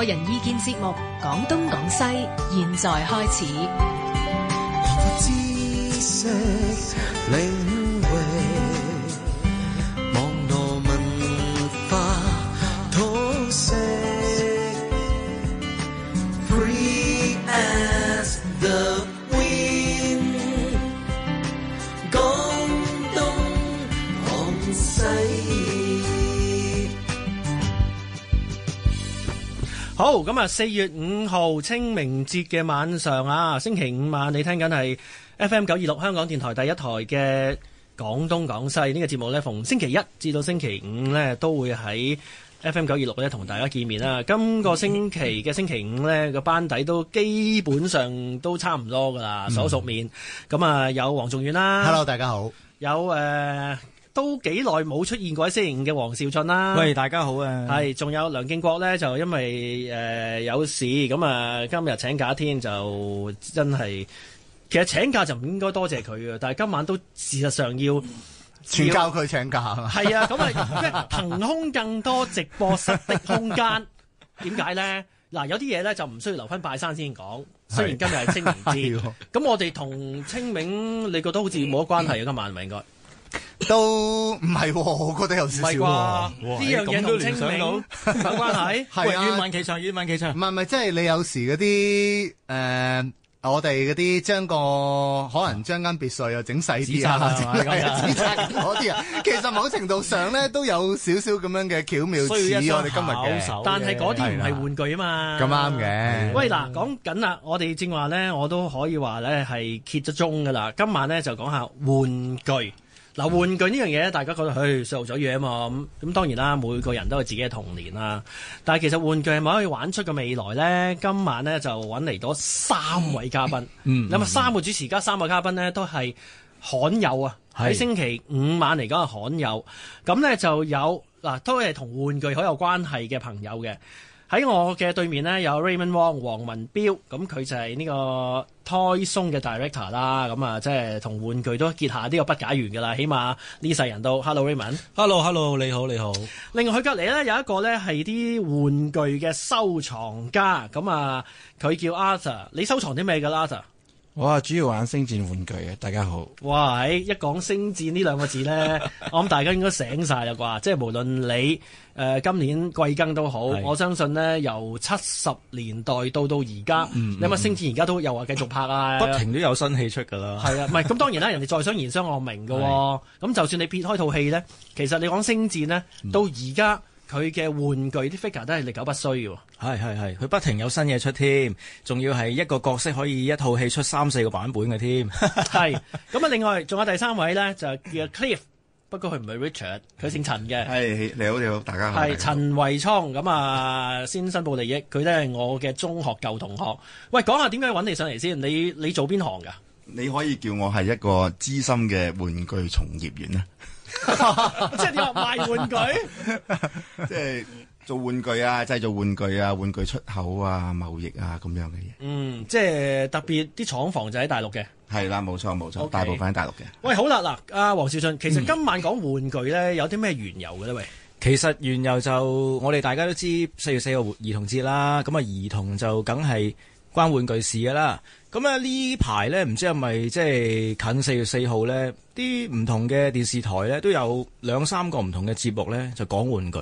個人意見節目《講東講西》，現在開始。 好咁啊！四、oh, 月五號清明節嘅晚上啊，星期五晚你聽緊係 FM 九二六香港電台第一台嘅廣東廣西呢、這個節目呢，逢星期一至到星期五呢，都會喺 FM 九二六呢同大家見面啦、啊。今個星期嘅星期五呢，個班底都基本上都差唔多噶、嗯啊、啦，熟熟面咁啊有黃仲遠啦，Hello 大家好，有誒。呃都幾耐冇出現過先嘅王兆俊啦！喂，大家好啊！係，仲有梁敬國咧，就因為誒有事咁啊，今日請假添，就真係其實請假就唔應該多謝佢嘅，但係今晚都事實上要賜教佢請假啦。係啊，咁啊，騰空更多直播室的空間點解咧？嗱，有啲嘢咧就唔需要留翻拜山先講。雖然今日係清明節，咁我哋同清明你覺得好似冇乜關係啊？今晚唔係應該？都唔係，我覺得有少少呢樣嘢都聯想到冇關係。係啊，願聞其詳，願聞其詳。唔係唔係，即係你有時嗰啲誒，我哋嗰啲將個可能將間別墅又整細啲啊，係啊，資產嗰啲啊，其實某程度上咧都有少少咁樣嘅巧妙。需要一首高手。但係嗰啲唔係玩具啊嘛。咁啱嘅。喂嗱，講緊啊，我哋正話咧，我都可以話咧係揭咗盅噶啦。今晚咧就講下玩具。嗱，玩具呢樣嘢大家覺得去受咗嘢啊嘛，咁、嗯、咁當然啦，每個人都有自己嘅童年啦。但係其實玩具係咪可以玩出個未來呢？今晚呢就揾嚟咗三位嘉賓，咁啊、嗯嗯、三個主持加三個嘉賓呢都係罕有啊，喺是星期五晚嚟講係罕有。咁呢就有嗱，都係同玩具好有關係嘅朋友嘅。喺我嘅對面呢，有 Raymond Wong 黃文彪，咁、嗯、佢就係呢個 Toy 松嘅 director 啦、嗯，咁啊即係同玩具都結下呢個不解緣噶啦，起碼呢世人都，Hello Raymond，Hello Hello 你好你好。另外佢隔離呢有一個呢係啲玩具嘅收藏家，咁啊佢叫 Arthur，你收藏啲咩噶 Arthur？我係主要玩星戰玩具嘅，大家好。哇，一講星戰呢兩個字呢， 我諗大家應該醒晒啦啩，即係無論你誒、呃、今年貴庚都好，是我相信呢由七十年代到到而家，嗯嗯嗯，你咪星戰而家都又話繼續拍啊， 不停都有新戲出噶啦。係啊，唔係咁當然啦，人哋再想言商我明噶，咁是就算你撇開套戲呢，其實你講星戰呢，嗯、到而家。佢嘅玩具啲 figure 都係歷久不衰嘅，係係係，佢、哎哎、不停有新嘢出添，仲要係一個角色可以一套戲出三四個版本嘅添。係咁啊，另外仲有第三位咧，就叫 Cliff， 不過佢唔係 Richard，佢姓陳嘅。係你好你好，大家好。係是陳維聰，咁啊先申報利益，佢都係我嘅中學舊同學。喂，講下點解要揾你上嚟先？你你，你做邊行噶？你可以叫我係一個資深嘅玩具從業員啊。 即係點啊？賣玩具，即係做玩具啊，製造玩具啊，玩具出口啊，貿易啊，咁樣嘅嘢。嗯，即係特別啲廠房就喺大陸嘅。係啦，冇錯冇錯，錯 Okay. 大部分喺大陸嘅。喂，好啦，嗱、啊，阿王兆俊，其實今晚講玩具咧，有啲咩緣由嘅呢？喂、嗯，其實緣由就我哋大家都知，四月四號兒童節啦，咁啊，兒童就梗係關玩具事噶啦。咁啊，呢排呢，唔知係咪即係近四月四號呢啲唔同嘅電視台呢，都有兩三個唔同嘅節目呢，就講玩具。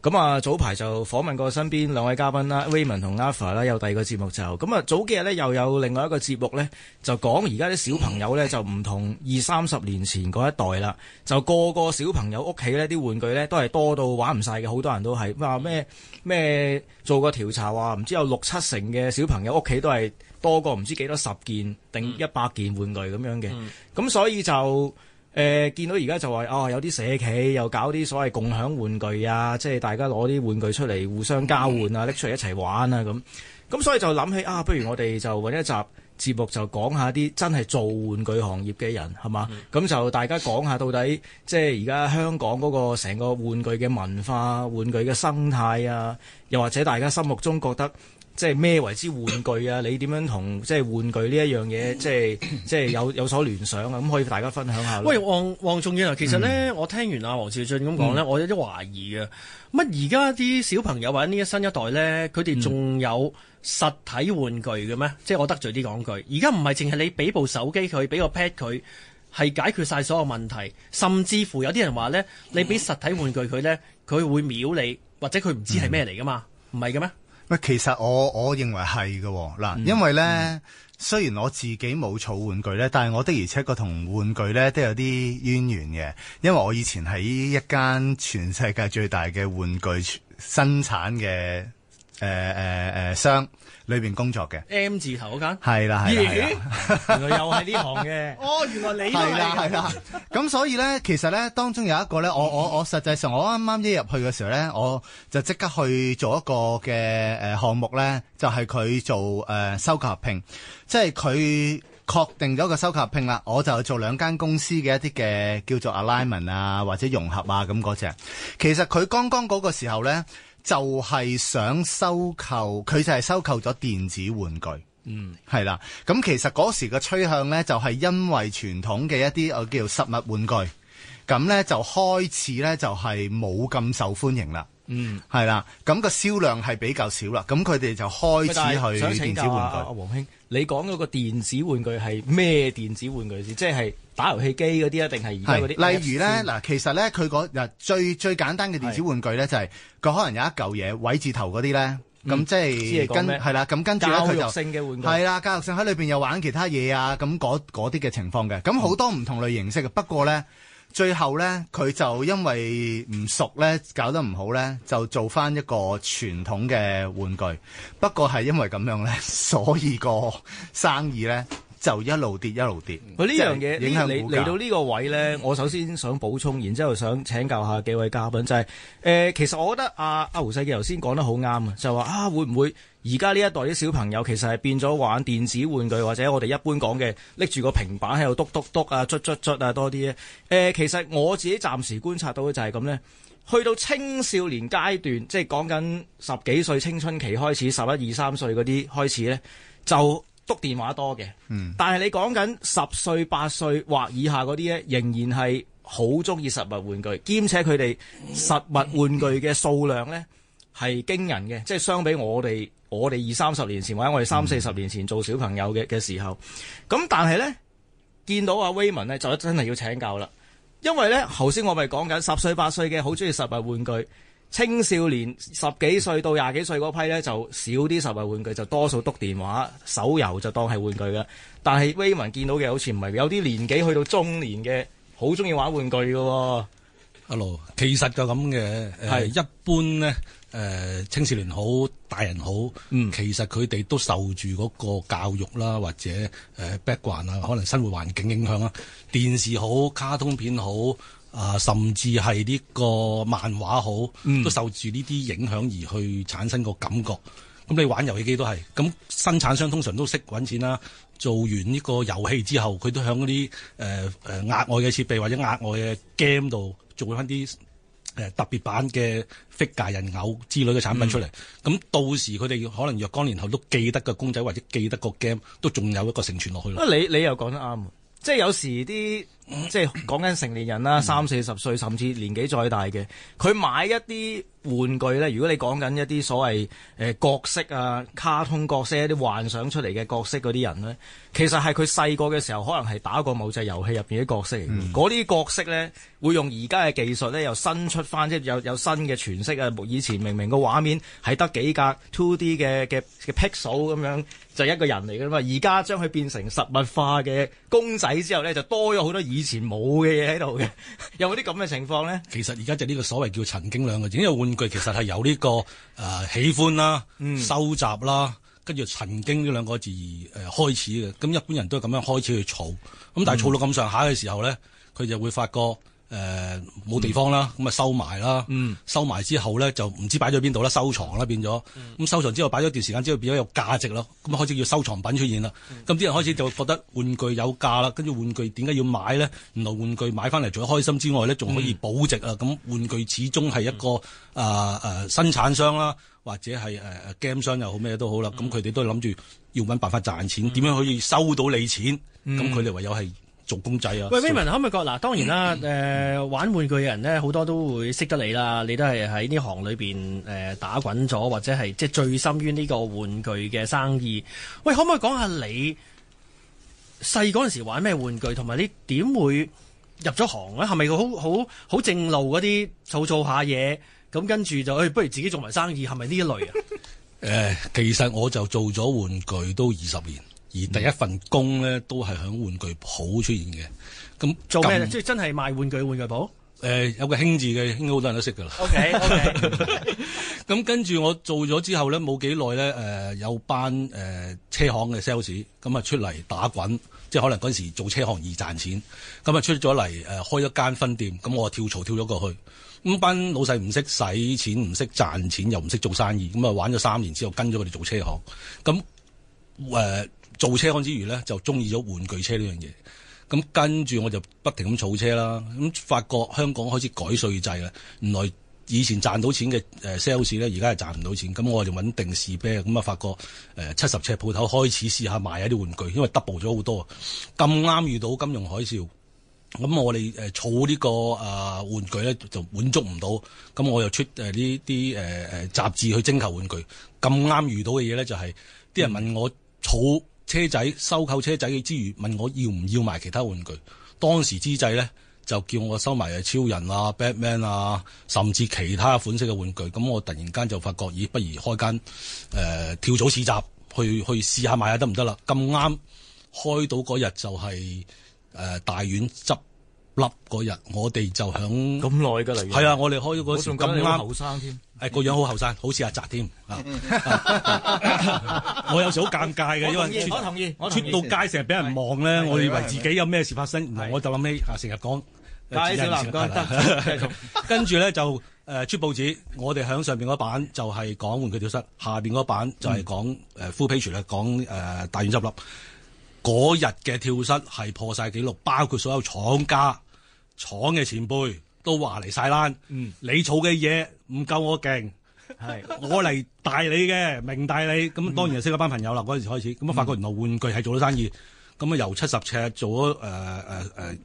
咁啊，早排就訪問過身邊兩位嘉賓啦，Raymond 同 Alpha 啦。Ava，有第二個節目就咁啊，早幾日呢，又有另外一個節目呢，就講而家啲小朋友呢，就唔同二三十年前嗰一代啦，就個個小朋友屋企呢啲玩具呢，都係多到玩唔晒嘅。好多人都係話咩咩做過調查話唔知有六七成嘅小朋友屋企都係多過唔知幾多十件定一百件玩具咁樣嘅，咁、嗯、所以就誒、呃、見到而家就話啊、哦、有啲社企又搞啲所謂共享玩具啊，即係大家攞啲玩具出嚟互相交換啊，拎出嚟一齊玩啊咁，咁所以就諗起啊，不如我哋就揾一集節目就講下啲真係做玩具行業嘅人係嘛，咁、嗯、就大家講下到底即係而家香港嗰個成個玩具嘅文化、玩具嘅生態啊，又或者大家心目中覺得，即係咩為之玩具啊？你點樣同即係玩具呢一樣嘢？即係即係有有所聯想啊？咁可以大家分享下。喂，黃黃仲遠啊，其實呢，嗯、我聽完阿王兆俊咁講呢，嗯、我有啲懷疑嘅、啊。乜而家啲小朋友或者呢一新一代呢，佢哋仲有實體玩具嘅咩？即係我得罪啲講句，而家唔係淨係你俾部手機佢，俾個 pad 佢，係解決晒所有問題。甚至乎有啲人話呢，你俾實體玩具佢呢，佢會秒你，或者佢唔知係咩嚟噶嘛？唔係嘅咩？喂，其實我我認為係㗎嗱，因為咧，嗯嗯、雖然我自己冇儲玩具咧，但係我的而且確同玩具咧都有啲淵源嘅，因為我以前喺一間全世界最大嘅玩具生產嘅。誒誒誒，商裏邊工作嘅 M 字頭嗰間係啦，原來又係呢行嘅。 哦，原來你都係啦，係啦。咁 所以咧，其實咧當中有一個咧，我我我實際上我啱啱一入去嘅時候咧，我就即刻去做一個嘅誒項目咧，就係、是、佢做誒收購合併，即係佢確定咗個收購合併啦，我就做兩間公司嘅一啲嘅叫做 alignment 啊，或者融合啊咁嗰隻。其實佢剛剛嗰個時候咧。就係想收購，佢就係收購咗電子玩具。嗯，係啦。咁其實嗰時嘅趨向呢，就係、是、因為傳統嘅一啲我叫做實物玩具，咁呢，就開始呢，就係冇咁受歡迎啦。嗯，係啦。咁、那個銷量係比較少啦。咁佢哋就開始去電子玩具。阿、啊、黃兄，你講嗰個電子玩具係咩電子玩具先？即係。打遊戲機嗰啲啊，定係而家啲？係，例如咧，嗱，其實咧，佢嗰日最最簡單嘅電子玩具咧，是就係佢可能有一嚿嘢，位字頭嗰啲咧，咁、嗯、即係跟係啦，咁跟住咧佢就係啦，教育性喺裏邊又玩其他嘢啊，咁嗰啲嘅情況嘅，咁好多唔同類形式。嘅、嗯。不過咧，最後咧，佢就因為唔熟咧，搞得唔好咧，就做翻一個傳統嘅玩具。不過係因為咁樣咧，所以個生意咧。就一路跌一路跌。呢樣嘢，嚟嚟是到呢個位呢，我首先想補充，然之後想請教下幾位嘉賓，就係、是、誒、呃，其實我覺得阿、啊、阿、啊、胡世傑頭先講得好啱啊，就話、是、啊，會唔會而家呢一代啲小朋友其實係變咗玩電子玩具，或者我哋一般講嘅拎住個平板喺度篤篤篤啊、捽捽捽啊，啊多啲咧？誒、呃，其實我自己暫時觀察到嘅就係咁呢：去到青少年階段，即係講緊十幾歲青春期開始，十一二三歲嗰啲開始呢。就。電話多嘅，但係你講緊十歲八歲或以下嗰啲呢，仍然係好中意實物玩具，兼且佢哋實物玩具嘅數量呢，係驚人嘅，即係相比我哋我哋二三十年前或者我哋三四十年前做小朋友嘅嘅時候，咁但係呢，見到阿威文呢，就真係要請教啦，因為呢，頭先我咪講緊十歲八歲嘅好中意實物玩具。青少年十幾歲到廿幾歲嗰批呢，就少啲實物玩具，就多數篤電話、手遊就當係玩具嘅。但係威文 y 見到嘅好似唔係，有啲年紀去到中年嘅好中意玩玩具嘅、哦。阿路，其實就咁嘅，係是、呃、一般呢，誒、呃、青少年好，大人好，嗯、其實佢哋都受住嗰個教育啦，或者誒 background 啊，可能生活環境影響啊，電視好，卡通片好。啊，甚至係呢個漫畫好，嗯、都受住呢啲影響而去產生個感覺。咁你玩遊戲機都係，咁生產商通常都識揾錢啦。做完呢個遊戲之後，佢都喺嗰啲誒誒額外嘅設備或者額外嘅 game 度做翻啲誒特別版嘅 figure 人偶之類嘅產品出嚟。咁、嗯、到時佢哋可能若干年後都記得個公仔或者記得個 game，都仲有一個承傳落去咯。你你又講得啱，即係有時啲。即係講緊成年人啦，嗯、三四十歲甚至年紀再大嘅，佢買一啲玩具咧。如果你講緊一啲所謂誒、呃、角色啊、卡通角色、一啲幻想出嚟嘅角色啲人咧，其實係佢細個嘅時候可能係打過某隻遊戲入邊啲角色啲、嗯、角色咧，會用而家嘅技術咧，又新出翻，即係有有新嘅詮釋啊。以前明明個畫面係得幾格 two d 嘅嘅嘅 pixels 咁樣，就一個人嚟嘅嘛。而家將佢變成實物化嘅公仔之後咧，就多咗好多以前冇嘅嘢喺度嘅，有冇啲咁嘅情況咧？其實而家就係呢個所謂叫曾經兩個字，因為玩具其實係有呢個誒、呃、喜歡啦、嗯、收集啦，跟住曾經呢兩個字誒、呃、開始嘅。咁一般人都係咁樣開始去儲，咁但係儲到咁上下嘅時候咧，佢、嗯、就會發覺。誒冇地方啦，咁啊收埋啦，收埋之後咧就唔知擺咗邊度啦，收藏啦變咗，咁收藏之後擺咗一段時間之後變咗有價值咯，咁開始叫收藏品出現啦，咁啲人開始就覺得玩具有價啦，跟住玩具點解要買咧？原來玩具買翻嚟除咗開心之外咧，仲可以保值啊！咁玩具始終係一個啊啊生產商啦，或者係誒誒 game 商又好咩都好啦，咁佢哋都諗住要揾辦法賺錢，點樣可以收到你錢？咁佢哋唯有係。做公仔啊！喂，Vin，做可唔可以講嗱？當然啦，誒、嗯呃，玩玩具嘅人咧，好多都會識得你啦。你都係喺呢行裏邊誒、呃、打滾咗，或者係即係醉心於呢個玩具嘅生意。喂，可唔可以講下你細嗰陣時玩咩玩具，同埋你點會入咗行咧？係咪好好好正路嗰啲儲儲下嘢，咁跟住就誒、欸，不如自己做埋生意，係咪呢一類啊？誒、 呃，其實我就做咗玩具都二十年。而第一份工咧，都係喺玩具鋪出現嘅。咁做咩？麼即係真係賣玩具？玩具鋪誒、呃、有個興字嘅，應該好多人都識㗎啦。OK OK、 嗯。咁跟住我做咗之後咧，冇幾耐咧誒，有班誒、呃、車行嘅 sales 咁啊出嚟打滾，即係可能嗰陣時做車行易賺錢。咁啊出咗嚟誒開一間分店，咁我跳槽跳咗過去。咁班老細唔識使錢，唔識賺錢，又唔識做生意。咁啊玩咗三年之後，跟咗佢哋做車行。咁誒。呃呃做車行之餘呢，就中意咗玩具車呢樣嘢。咁跟住我就不停咁儲車啦。咁發覺香港開始改稅制啦，原來以前賺到錢嘅誒 sales 呢，而家係賺唔到錢。咁我就揾定時啤。咁啊發覺誒七十尺鋪頭開始試下賣一啲玩具，因為 double 咗好多。咁啱遇到金融海嘯，咁我哋誒儲呢個誒玩具呢，就滿足唔到。咁我又出誒呢啲誒誒雜誌去徵求玩具。咁啱遇到嘅嘢呢，就係啲人問我儲。車仔收購車仔嘅之餘，問我要唔要埋其他玩具。當時之際咧，就叫我收埋誒超人啊、啊 Batman 啊，甚至其他款式嘅玩具。咁我突然間就發覺，咦、哎，不如開間誒、呃、跳蚤市集，去去試下買下，得唔得啦？咁啱開到嗰日就係、是、誒、呃、大院執笠嗰日，我哋就響咁耐噶啦，係啊，我哋開咗嗰時咁添。誒，個樣好後生，好似阿澤添。我有時好尷尬嘅，因為我同意，我出到街成日俾人望咧，我以為自己有咩事發生。唔係，我就諗起啊，成日講。得，跟住咧就誒出報紙，我哋響上邊嗰版就係講玩具跳室，下邊嗰版就係講誒 full page 咧，講誒大院執笠。嗰日嘅跳室係破晒紀錄，包括所有廠家、廠嘅前輩。都話嚟晒啦，嗯、你儲嘅嘢唔夠我勁，係是我嚟帶你嘅，明帶你。咁當然係識一班朋友啦。嗰陣、嗯、時開始，咁啊發覺原來玩具係做咗生意。咁啊、嗯、由七十尺做咗誒誒誒，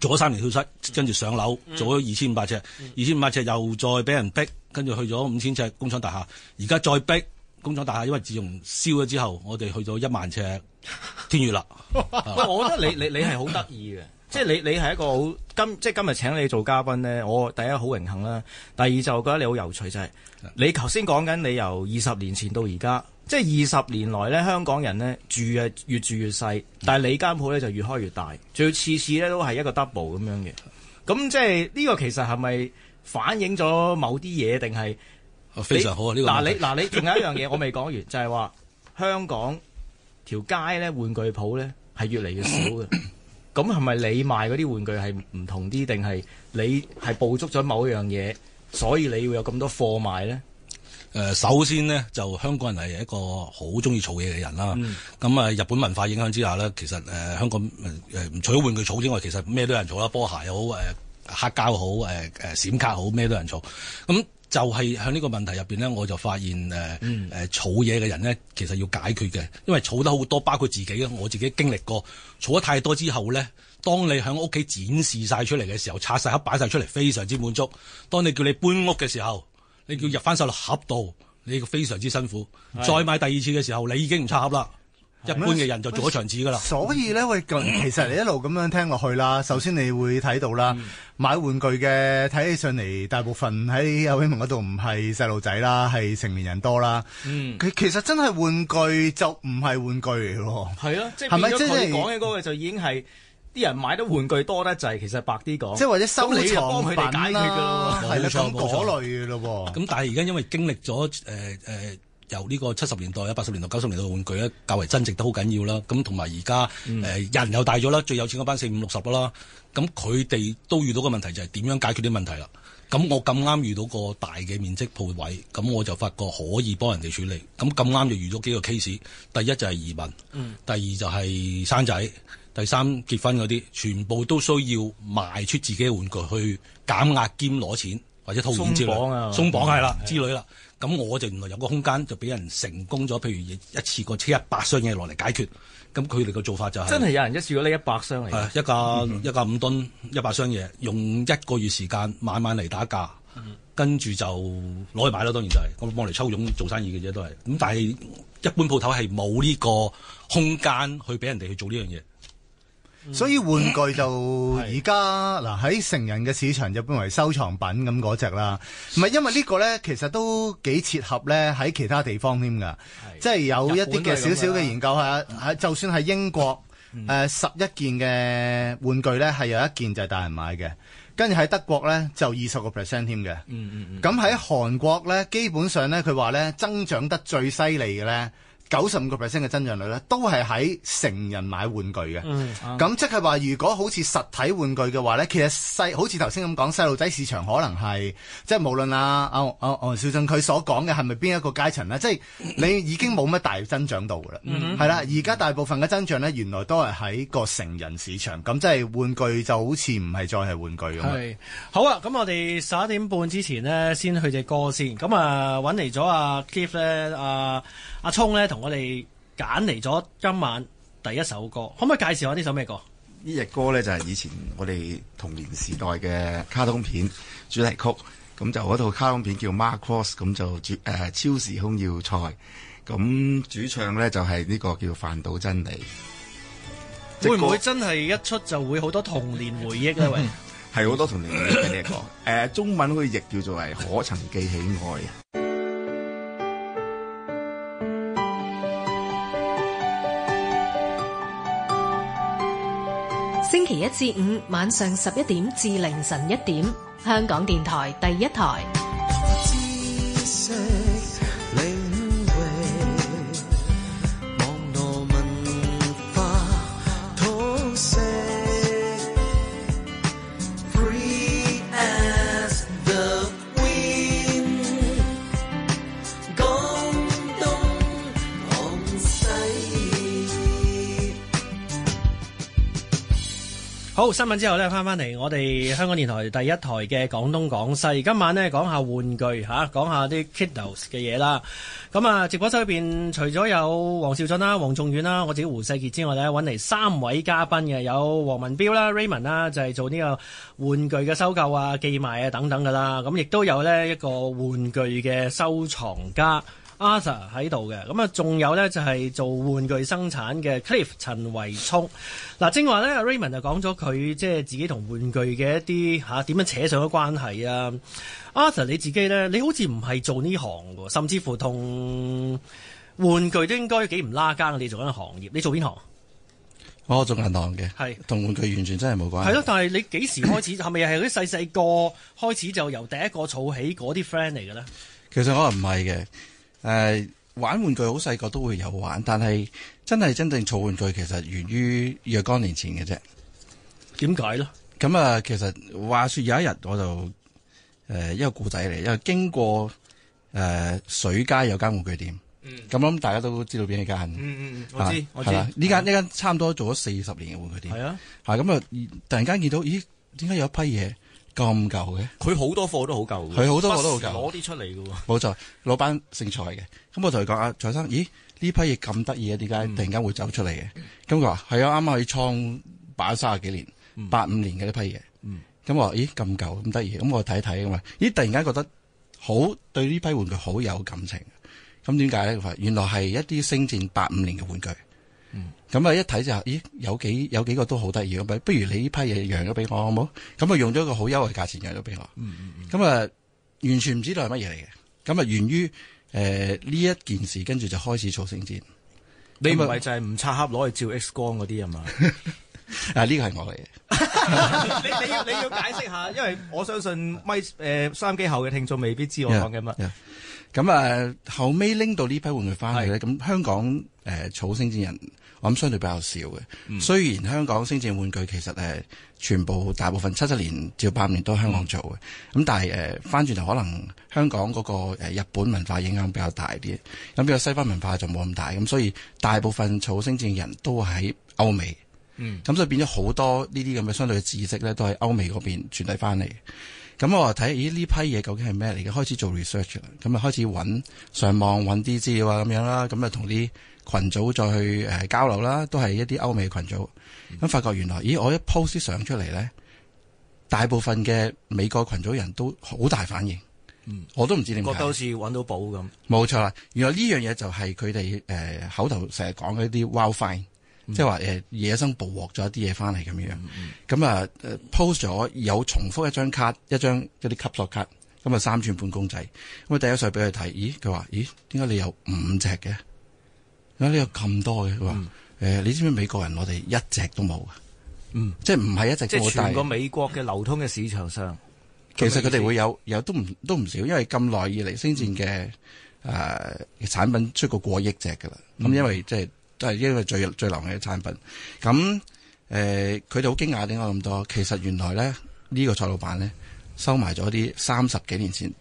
做咗三年跳失，跟住上樓做咗二千五百尺，二千五百尺又再俾人逼，跟住去咗五千尺工廠大廈。而家再逼工廠大廈，因為自從燒咗之後，我哋去咗一萬尺天越啦。我覺得你你你係好得意嘅。即係你，你係一個好今即係今日請你做嘉賓咧，我第一好榮幸啦，第二就覺得你好有趣就係、是，你頭先講緊你由二十年前到而家，即係二十年來咧，香港人咧住啊越住越細，但係你間鋪咧就越開越大，最次次咧都係一個 double 咁樣嘅。咁即係呢個其實係咪反映咗某啲嘢，定係非常好啊？呢、這、嗱、個、你，嗱你仲有一樣嘢我未講完， 就係話香港條街咧玩具鋪咧係越嚟越少嘅。咁係咪你賣嗰啲玩具係唔同啲，定係你係捕捉咗某樣嘢，所以你要有咁多貨賣咧？誒、呃，首先呢，就香港人係一個好中意儲嘢嘅人啦。咁啊、嗯嗯，日本文化影響之下咧，其實誒、呃、香港誒唔除咗玩具儲之外，其實咩都有人儲啦，波鞋好誒、呃，黑膠好誒誒、呃、閃卡好，咩都有人儲。咁、嗯就係喺呢個問題入邊咧，我就發現誒誒儲嘢嘅人咧，其實要解決嘅，因為儲得好多，包括自己咧。我自己經歷過儲得太多之後咧，當你喺屋企展示晒出嚟嘅時候，拆晒盒擺晒出嚟，非常之滿足。當你叫你搬屋嘅時候，你叫你入翻手提盒度，你非常之辛苦。是的 再買第二次嘅時候，你已經唔拆盒啦。一般嘅人就做咗場子噶啦，所以咧，喂，其實你一路咁樣聽落去啦，首先你會睇到啦，嗯、買玩具嘅睇起上嚟，大部分喺阿偉文嗰度唔係細路仔啦，係成年人多啦。嗯，其實真係玩具就唔係玩具嚟喎。係啊，即係變咗佢哋講嘅嗰個就已經係啲人買得玩具多得滯，其實白啲講，即係或者心理上幫佢哋解決㗎啦，係咁嗰類嘅咯喎。咁、啊、但係而家因為經歷咗誒誒。呃呃由呢個七十年代、八十年代、九十年代嘅玩具咧，較為增值得，得好緊要啦。咁同埋而家，誒、呃、人又大咗啦，最有錢嗰班四五六十啦。咁佢哋都遇到嘅問題就係點樣解決啲問題啦？咁我咁啱遇到個大嘅面積鋪位，咁我就發覺可以幫人哋處理。咁咁啱就遇到幾個 case。第一就係移民，嗯、第二就係生仔，第三結婚嗰啲，全部都需要賣出自己嘅玩具去減壓兼攞錢，或者套現之類。鬆綁係、啊、啦，嗯、之類啦。咁我就原來有個空間就俾人成功咗，譬如一次過車一百箱嘢落嚟解決。咁佢哋個做法就係、是、真係有人一次過呢一百箱嚟，一架、嗯、哼一架五噸一百箱嘢，用一個月時間慢慢嚟打架，嗯、哼跟住就攞去買咯。當然就係、是、我幫嚟抽傭做生意嘅啫，都係。咁但係一般鋪頭係冇呢個空間去俾人哋去做呢樣嘢。嗯、所以玩具就而家嗱喺成人嘅市場就變為收藏品咁嗰隻啦，唔係因為個，呢個咧其實都幾切合咧喺其他地方添噶，是即係有一啲嘅少少嘅研究吓，喺就算係英國誒十一件嘅玩具咧係有一件就係大人買嘅，跟住喺德國咧就二十個 percent 添嘅，嗯嗯咁喺韓國咧基本上咧佢話咧增長得最犀利嘅咧。九十五個 percent 嘅增長率咧，都係喺成人買玩具嘅。咁即係話，如果好似實體玩具嘅話咧，其實細好似頭先咁講，細路仔市場可能係即係無論啊啊啊兆俊佢所講嘅係咪邊一個階層咧？即係你已經冇乜大增長度㗎啦。係啦，而 家大部分嘅增長咧，原來都係喺個成人市場。咁即係玩具就好似唔係再係玩具㗎嘛。好啊！咁我哋十一點半之前呢，先去隻歌先。咁啊，揾嚟咗啊 Keith 咧，阿阿聰咧同。我哋揀嚟咗今晚第一首歌，可唔可以介紹下呢首咩歌？歌呢隻歌咧就係、是、以前我哋童年時代嘅卡通片主題曲，咁就嗰套卡通片叫《Mark Cross》呃，咁就誒超時空要塞，咁主唱咧就係、是、呢個叫飯島真理。會唔會真係一出就會好多童年回憶咧、啊？ 喂，係好多童年回憶呢個，誒、呃、中文可以亦叫做係可曾記起愛啊！星期一至五晚上十一點至凌晨一點，香港電台第一台。好，新聞之後呢，翻返嚟我哋香港電台第一台嘅廣東廣西，今晚呢，講下玩具嚇、啊，講下啲 Kiddos 嘅嘢啦。咁啊，直播室裏邊除咗有王兆俊啦、啊、黃仲遠啦、啊，我自己胡世傑之外呢，揾嚟三位嘉賓嘅，有黃文彪啦、啊、Raymond 啦、啊，就係、係、做呢個玩具嘅收購啊、寄賣啊等等噶啦。咁、啊、亦都有呢一個玩具嘅收藏家。Arthur 喺度嘅，咁啊，仲有咧就係做玩具生產嘅 Cliff 陳維聰。嗱，正話咧 Raymond 就講咗佢即係自己同玩具嘅一啲吓點樣扯上嘅關係啊。Arthur 你自己咧，你好似唔係做呢行喎，甚至乎同玩具都應該幾唔拉更。你做緊行業，你做邊行？哦，我做銀行嘅，係同玩具完全真係冇關係。係咯，但係你幾時開始？係咪又係啲細細個開始，就由第一個儲起嗰啲 friend 嚟嘅咧？其實可能唔係嘅。誒、呃，玩玩具好細個都會有玩，但係真係真正儲玩具其實源於若干年前嘅啫。點解咧？咁啊、嗯，其實話說有一日我就誒、呃、一個故仔嚟，因為經過誒、呃、水街有間玩具店，咁諗、嗯、大家都知道邊一間、嗯嗯。我知、啊、我知。呢間呢間差唔多做咗四十年嘅玩具店。係是啊、嗯。吓咁啊，突然間見到，咦？點解有一批嘢？咁舊嘅，佢好多貨都好舊，佢好多貨都好舊，攞啲出嚟嘅喎。冇錯，老闆姓蔡嘅咁， 我同佢講啊，蔡生，咦呢批嘢咁得意啊？點解突然間會走出嚟嘅？咁佢話係啊，啱啱喺倉擺咗三十幾年，八五、嗯、年嘅呢批嘢。咁、嗯嗯、我話咦咁舊咁得意，咁我睇一睇咁啊，咦，突然間覺得好對呢批玩具好有感情。咁點解咧？原來係一啲星戰八五年嘅玩具。咁啊、嗯、一睇就咦有幾有幾個都好得意，不如你呢批嘢讓咗俾我好唔好？咁啊用咗個好優惠價錢讓咗俾我。咁啊、嗯嗯嗯、完全唔知道係乜嘢嚟嘅。咁啊源於誒呢一件事，跟住就開始草星戰。你咪咪就係唔拆盒攞去照 X 光嗰啲 啊嘛？啊、這、呢個係我嚟嘅。你你要解釋下，因為我相信咪誒收音機後嘅聽眾未必知我講嘅嘛。咁、yeah, yeah. 是啊後尾拎到呢批玩具翻嚟咧，咁、嗯嗯、香港誒、嗯呃、草星戰人，人。咁相對比較少嘅，嗯、雖然香港星戰玩具其實誒全部大部分七七年至八年都香港做嘅，咁、嗯、但係誒、呃、翻轉就可能香港嗰、嗰個、呃、日本文化影響比較大啲，咁比較西方文化就冇咁大，咁、嗯、所以大部分草星戰人都喺歐美，咁、嗯、所以變咗好多呢啲咁嘅相對嘅知識咧，都喺歐美嗰邊傳遞翻嚟。咁、嗯、我話睇，咦呢批嘢究竟係咩嚟嘅？開始做 research 啦，咁、嗯、啊開始揾上網揾啲資料啊咁樣啦，咁啊同啲群組再去誒交流啦，都係一啲歐美群組，咁發覺原來，咦我一 post 相出嚟咧，大部分嘅美國群組人都好大反應，嗯，我都唔知點，覺得好似揾到寶咁，冇錯啦。原來呢樣嘢就係佢哋誒口頭成日講嗰啲 wild find 即係話誒野生捕獲咗一啲嘢翻嚟咁樣樣，咁啊、嗯嗯 uh, post 咗有重複一張卡，一張一啲吸塑卡，咁啊三寸半公仔，咁啊第一世俾佢睇，咦佢話咦，點解你有五隻嘅？你有咁多嘅，佢話，誒、嗯呃，你知唔知美國人我哋一隻都冇嘅，嗯，即係唔係一隻。即係全個美國嘅流通嘅市場上，其實佢哋會有有都唔都唔少，因為咁耐以嚟星戰嘅誒產品出過過億隻噶啦。咁、嗯、因為即係都係因為最最流行嘅產品。咁誒，佢哋好驚訝點解咁多？其實原來咧呢、這個蔡老闆咧收埋咗啲三十幾年前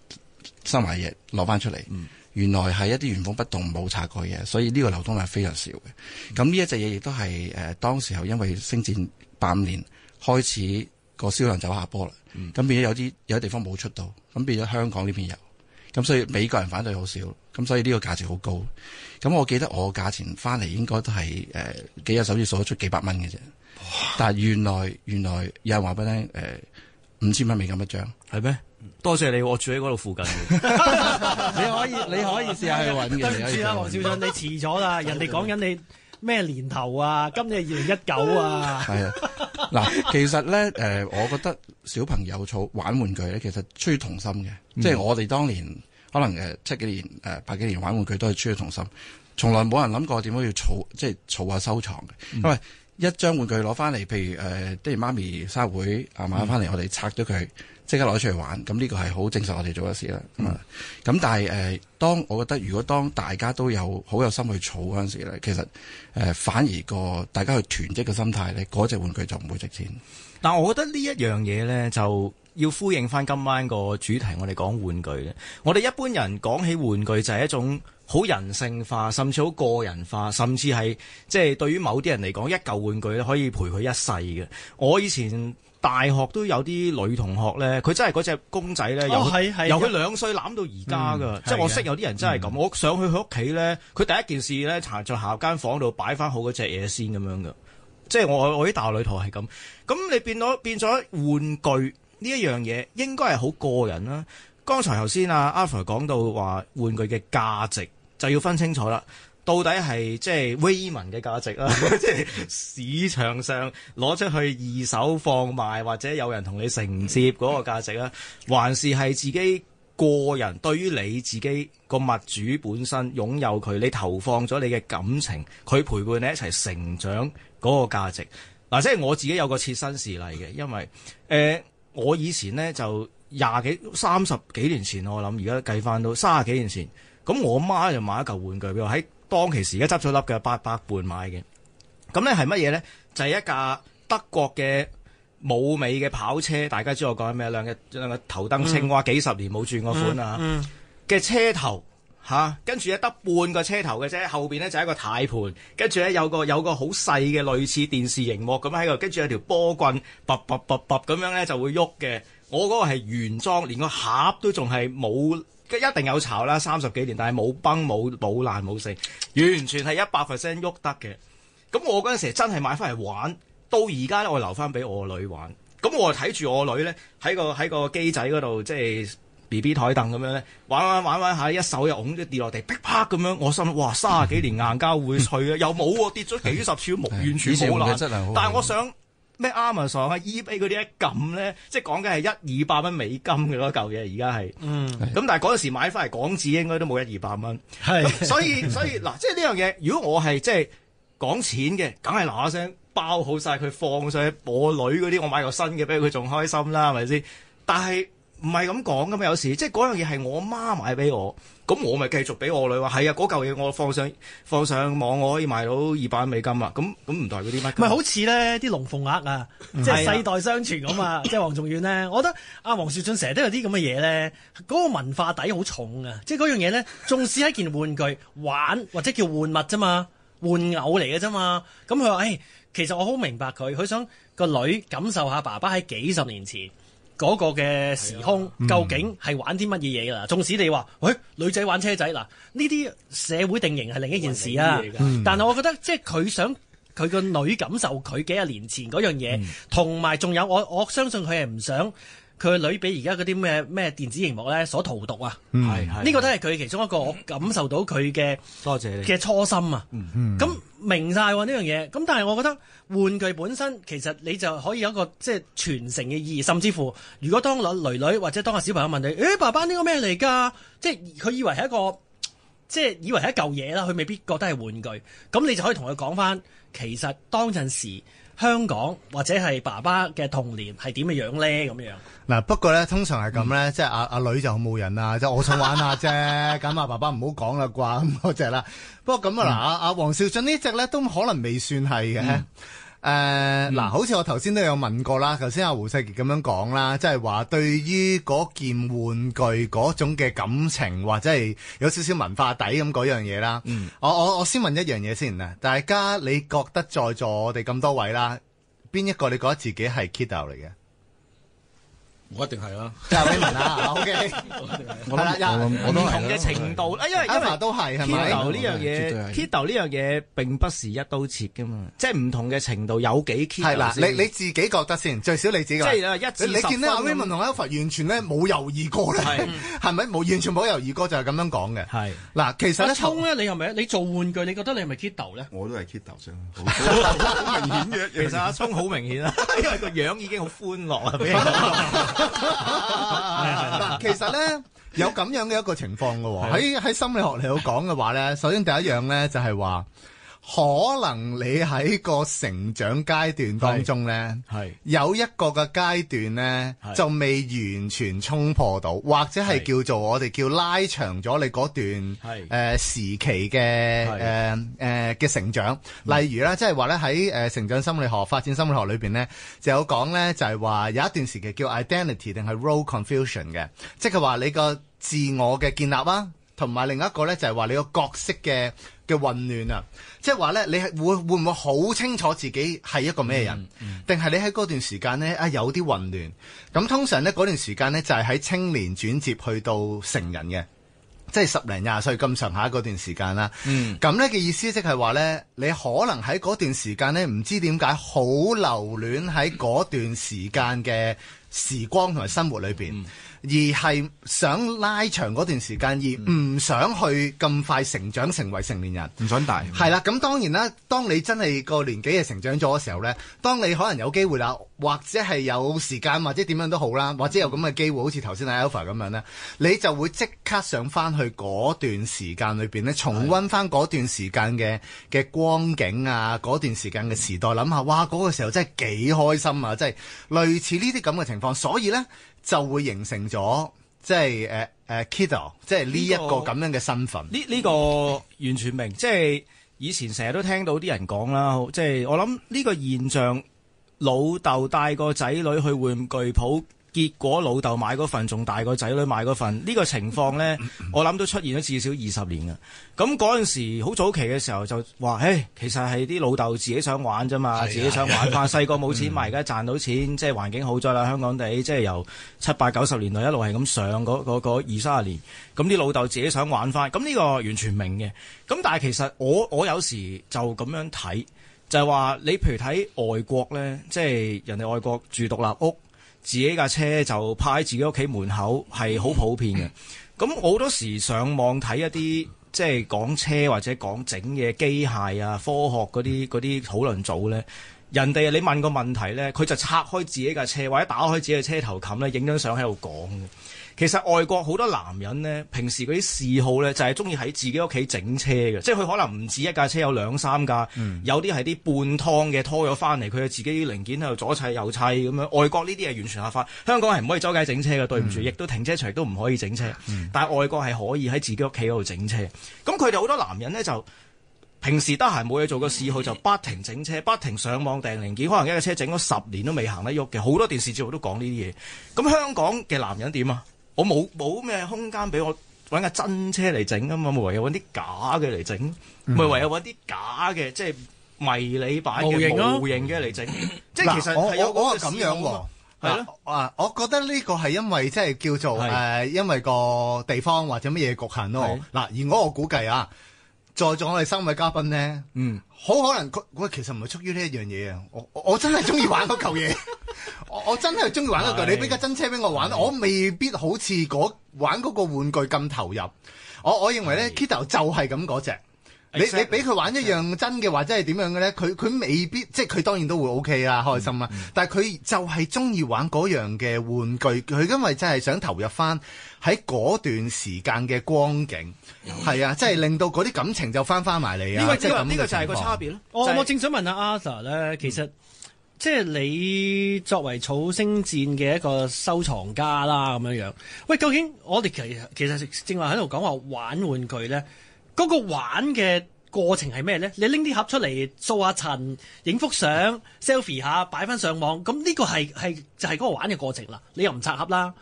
收埋嘢攞翻出嚟。嗯原來係一啲原封不動冇拆過嘢，所以呢個流通量非常少嘅。咁呢一隻嘢亦都係誒當時候因為星戰85年開始個銷量走下坡啦，咁、嗯、變咗有啲有啲地方冇出到，咁變咗香港呢邊有，咁所以美國人反對好少，咁所以呢個價值好高。咁我記得我價錢翻嚟應該都係誒、呃、幾隻手指數得出幾百蚊嘅啫，哇但係原來原來有人話俾你聽誒。呃五千蚊美金一張，係咩？多謝你，我住喺嗰度附近 你，你可以試試你可以試下去揾嘅。住王兆俊， 你遲咗啦， 人哋講緊你咩年頭啊？ 今年二零一九啊？係 啊。嗱，其實咧，誒、呃，我覺得小朋友儲玩玩具咧，其實出於童心嘅，嗯、即係我哋當年可能誒七幾年誒、呃、八幾年玩玩具都係出於童心，從來冇人諗過點樣要儲，即係儲下收藏嘅，因為、嗯。一張玩具攞翻嚟，譬如誒爹哋媽咪生日會啊買翻嚟，嗯、我哋拆咗佢，即刻攞出去玩，咁呢個係好正常我哋做嘅事啦。咁啊、嗯嗯，咁但係誒、呃，當我覺得如果當大家都有好有心去儲嗰陣時咧，其實誒、呃、反而個大家去囤積嘅心態咧，嗰隻玩具就唔會值錢。但我覺得呢一樣嘢咧，就要呼應翻今晚個主題，我哋講玩具咧。我哋一般人講起玩具就係一種，好人性化，甚至好個人化，甚至係即係對於某啲人嚟講，一嚿玩具咧可以陪佢一世嘅。我以前大學都有啲女同學咧，佢真係嗰隻公仔咧，由由佢兩歲攬到而家㗎，嗯、即係我識有啲人真係咁。的我上去佢屋企咧，佢第一件事咧，查在下間房度擺翻好嗰隻嘢先咁樣㗎。即係我我啲大學女同學係咁。咁你變咗變咗玩具呢一樣嘢，應該係好個人啦。剛才頭先啊 Arthur 講到話玩具嘅價值。就要分清楚啦，到底係即係威文嘅價值啦、啊， 即係市場上攞出去二手放賣，或者有人同你承接嗰個價值啦、啊，還是係自己個人對於你自己個物主本身擁有佢，你投放咗你嘅感情，佢陪伴你一齊成長嗰個價值。嗱、啊，即係我自己有個切身事例嘅，因為誒、呃、我以前呢，就廿幾三十幾年前，我諗而家計翻到三十幾年前。咁我媽就買一嚿玩具，畀我，喺當其時而家執咗粒嘅八百半買嘅，咁咧係乜嘢咧？就係、是、一架德國嘅冇尾嘅跑車，大家知道我講緊咩？兩個兩個頭燈青蛙，我、嗯、幾十年冇轉過款啊！嘅、嗯嗯、車頭嚇，跟住咧得半個車頭嘅啫，後邊咧就係一個軚盤，跟住咧有個有個好細嘅類似電視熒幕咁喺度，跟住有條波棍，卜卜卜卜咁樣咧就會喐嘅。我嗰個係原裝，連個盒都仲係冇。一定有炒啦，三十幾年，但係冇崩冇冇爛冇死，完全係一百 percent 喐得嘅。咁我嗰陣時真係買翻嚟玩，到而家咧我留翻俾我女玩。咁我就睇住我女咧喺個喺個機仔嗰度，即係 B B 枱凳咁樣咧玩玩玩玩下，一手又拱咗跌落地，噼啪咁樣，我心哇，卅幾年硬膠會脆啊， 又冇喎，跌咗幾十次都冇， 對完全冇爛。但係我想。 咩 Amazon 啊，eBay 嗰啲一撳咧，即係講緊係一二百蚊美金嘅嗰嚿嘢而家係。嗯。咁、嗯、但係嗰陣時買翻嚟港紙應該都冇一二百蚊。係是。 所以所以嗱，即係呢樣嘢，如果我係即係講錢嘅，梗係嗱嗱聲包好晒，佢放上去，我女嗰啲，我買個新嘅俾佢仲開心啦，係咪先？但係。唔係咁講噶嘛，有時即係嗰樣嘢係我媽買俾我，咁我咪繼續俾我女話係啊，嗰嚿嘢我放上放上網，我可以賣到二百美金啊！咁咁唔代表啲乜？唔係好似咧啲龍鳳鈪啊，即係世代相傳咁是啊即！即係黃仲遠咧， 我覺得阿黃兆俊成日都有啲咁嘅嘢咧，嗰、嗰個文化底好重啊！即係嗰樣嘢咧，縱使係一件玩具玩或者叫玩物啫嘛，玩偶嚟嘅啫嘛。咁佢話：誒、哎，其實我好明白佢，佢想個女感受下爸爸喺幾十年前。嗰個嘅時空、嗯、究竟係玩啲乜嘢嘢㗎啦？縱使你話，喂、欸、女仔玩車仔嗱，呢啲社會定型係另一件事啊。嗯、但係我覺得，即係佢想佢個女感受佢幾廿年前嗰樣嘢，同埋仲有我我相信佢係唔想。佢女俾而家嗰啲咩咩電子熒幕咧所荼毒啊，呢、嗯、個都係佢其中一個、嗯、我感受到佢嘅多謝你嘅初心啊。咁、嗯嗯、明曬呢樣嘢，咁但係我覺得玩具本身其實你就可以有一個即係傳承嘅意義，甚至乎如果當女女或者當個小朋友問你，誒、欸、爸爸呢個咩嚟㗎？即係佢以為係一個即係以為係一嚿嘢啦，佢未必覺得係玩具。咁你就可以同佢講翻，其實當陣時。香港或者係爸爸嘅童年係點嘅樣咧？咁樣，嗱，不過咧通常係咁咧，嗯、即係阿阿女就好冇人啊，即係 我想玩下啫，咁阿爸爸唔好講啦啩，咁多隻啦。不過咁、嗯、啊，嗱阿阿王兆俊呢隻咧都可能未算係嘅。嗯誒，嗱、uh，嗯，好似我頭先都有問過啦，頭先阿胡世杰咁樣講啦，即係話對於嗰件玩具嗰種嘅感情或者係有少少文化底咁嗰樣嘢啦。嗯，我我我先問一樣嘢先啊，大家你覺得在座我哋咁多位啦，邊一個你覺得自己係 kiddo 嚟嘅？我一定係啦，阿威文啦，OK，係啦，我我都係唔同嘅程度，因為因為都係，係咪？Kido 呢樣嘢，Kido 呢樣嘢並不是一刀切噶嘛，即係唔同嘅程度有幾 Kido 先。係啦，你你自己覺得先，最少你自己。即係啦，一至十分。你見咧，阿威文同阿威文完全咧冇猶豫過咧，係咪冇完全冇猶豫過就係咁樣講嘅？係嗱，其實咧，阿聰咧，你係咪你做玩具？你覺得你係咪 Kido 咧？我都係 Kido 先，好明顯嘅。其實阿聰好明顯啊，因為個樣已經好歡樂啦，俾人。 其實咧，有咁樣嘅一個情況嘅喎，喺喺 心理學嚟講嘅話咧，首先第一樣咧就係話。可能你喺個成長階段當中呢，係有一個嘅階段呢，是就未完全衝破到，或者係叫做是我哋叫拉長咗你嗰段係誒是、呃、時期嘅誒誒嘅成長。嗯、例如啦，即係話呢，喺誒成長心理學、發展心理學裏邊呢，就有講呢，就係話有一段時期叫 identity 定係 role confusion 嘅，即係話你個自我嘅建立啦，同埋另一個呢，就係話你個角色嘅。嘅混亂啊，即係話呢，你係會會唔會好清楚自己係一個咩人，定係、嗯嗯、你喺嗰段時間呢，啊有啲混亂？咁通常呢，嗰段時間呢，就係、是、喺青年轉接去到成人嘅，嗯、即係十零廿歲咁上下嗰段時間啦。咁呢嘅意思即係話呢，你可能喺嗰段時間呢，唔知點解好留戀喺嗰段時間嘅時光同埋生活裏邊。嗯嗯而係想拉長嗰段時間，而唔想去咁快成長成為成年人，唔想大。係啦，咁當然啦。當你真係個年紀係成長咗嘅時候呢，當你可能有機會啦，或者係有時間，或者點樣都好啦，或者有咁嘅機會，好似頭先阿 Alpha 咁樣呢，你就會即刻想翻去嗰段時間裏邊呢，重溫翻嗰段時間嘅嘅光景啊，嗰段時間嘅時代，諗下哇，嗰個時候真係幾開心啊，真係類似呢啲咁嘅情況。所以呢。就會形成咗，即係誒誒、啊啊，kiddo，即係呢一個咁樣嘅身份、這個。呢、這、呢個完全唔明，即係以前成日都聽到啲人講啦，即係我諗呢個現象，老豆帶個仔女去玩具鋪。結果老豆買嗰份仲大過仔女買嗰份呢、呢個情況呢， 我諗都出現咗至少二十年嘅。咁嗰陣時好早期嘅時候就話，誒，其實係啲老豆自己想玩啫嘛，是啊、自己想玩翻細個冇錢買，而家 賺到錢，即係環境好咗啦，香港地即係由七八九十年代一路係咁上嗰嗰二三十年，咁啲老豆自己想玩翻。咁呢個完全明嘅。咁但係其實我我有時就咁樣睇，就係、係、話你譬如睇外國呢，即係人哋外國住獨立屋。自己架車就趴喺自己屋企門口係好普遍嘅，咁好多時上網睇一啲即係講車或者講整嘢機械啊、科學嗰啲嗰啲討論組呢，人哋你問個問題呢，佢就拆開自己架車或者打開自己嘅車頭冚呢，影張相喺度講。其實外國好多男人呢，平時嗰啲嗜好呢，就係中意喺自己屋企整車嘅，即係佢可能唔止一架車，有兩三架，嗯、有啲係啲半劏嘅拖咗翻嚟，佢自己啲零件喺度左砌右砌咁樣。外國呢啲係完全合法，香港係唔可以周街整車嘅，對唔住，嗯、亦都停車場亦都唔可以整車。嗯、但係外國係可以喺自己屋企嗰度整車。咁佢哋好多男人呢，就平時得閒冇嘢做個嗜好就不停整車，不停上網訂零件，可能一架車整咗十年都未行得喐嘅。好多電視節目都講呢啲嘢。咁香港嘅男人點啊？我冇冇咩空間俾我揾架真車嚟整啊嘛，咪唯有揾啲假嘅嚟整，咪唯有揾啲假嘅即係迷你版模型咯，模型嘅嚟整。即係其實係我係咁樣喎。係咯啊，我覺得呢個係因為即係叫做誒，因為個地方或者乜嘢局限咯。嗱，而我我估計啊，在座我哋三位嘉賓咧，嗯，好可能佢佢其實唔係出於呢一樣嘢啊。我我真係中意玩嗰嚿嘢。我我真係中意玩嗰個，你俾架真車俾我玩，我未必好似玩嗰個玩具咁投入。我我認為咧，Kito 就係咁嗰隻。你你俾佢玩一樣真嘅，或者係點樣嘅咧？佢佢未必即係佢，當然都會 OK 啦，開心啦。但係佢就係中意玩嗰樣嘅玩具，佢因為真係想投入翻喺嗰段時間嘅光景，係啊，即係令到嗰啲感情就翻翻埋嚟啊！即係咁嘅。呢個就係個差別咯。我我正想問下阿 Arthur 咧，其實。即係你作為草星戰嘅一個收藏家啦，咁樣樣。喂，究竟我哋其實其實正話喺度講話玩玩具咧，嗰、那個玩嘅過程係咩咧？你拎啲盒出嚟掃下、啊、塵，影幅相，selfie 下，擺翻上網。咁呢個係係就係、是、嗰個玩嘅過程啦。你又唔拆盒啦？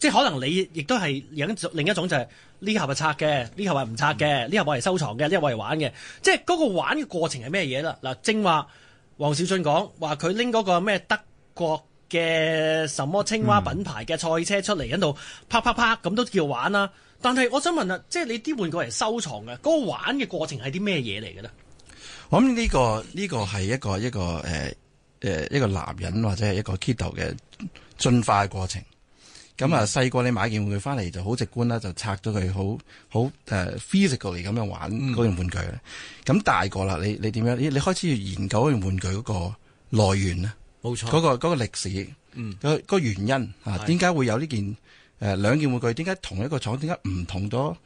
即係可能你亦都係另一種另一種就係、是、呢盒係拆嘅，呢盒係唔拆嘅，呢、嗯、盒我嚟收藏嘅，呢盒我嚟玩嘅。即係嗰個玩嘅過程係咩嘢啦？嗱，正話。黃小俊講話，佢拎個咩德國嘅什麼青蛙品牌嘅賽車出嚟喺度啪啪啪咁都叫玩啦、啊，但係我想問啊，即係你啲換過嚟收藏嘅、嗰個玩嘅過程係啲咩嘢嚟嘅咧？我諗呢、呢個呢、呢個係一個一個誒誒、呃、一個男人或者係一個 kito 嘅進化嘅過程。咁、嗯、啊，細個你買件玩具翻嚟就好直觀啦，就拆咗佢好好誒、uh, physically 嚟咁樣玩嗰件、嗯、玩具咧。咁大個啦，你你點樣？你你開始要研究嗰件玩具嗰個來源咧，冇錯嗰、嗰個嗰、嗰個、歷史，嗯嗰個原因啊，點解的會有呢件誒、呃、兩件玩具？點解同一個廠？點解唔同咗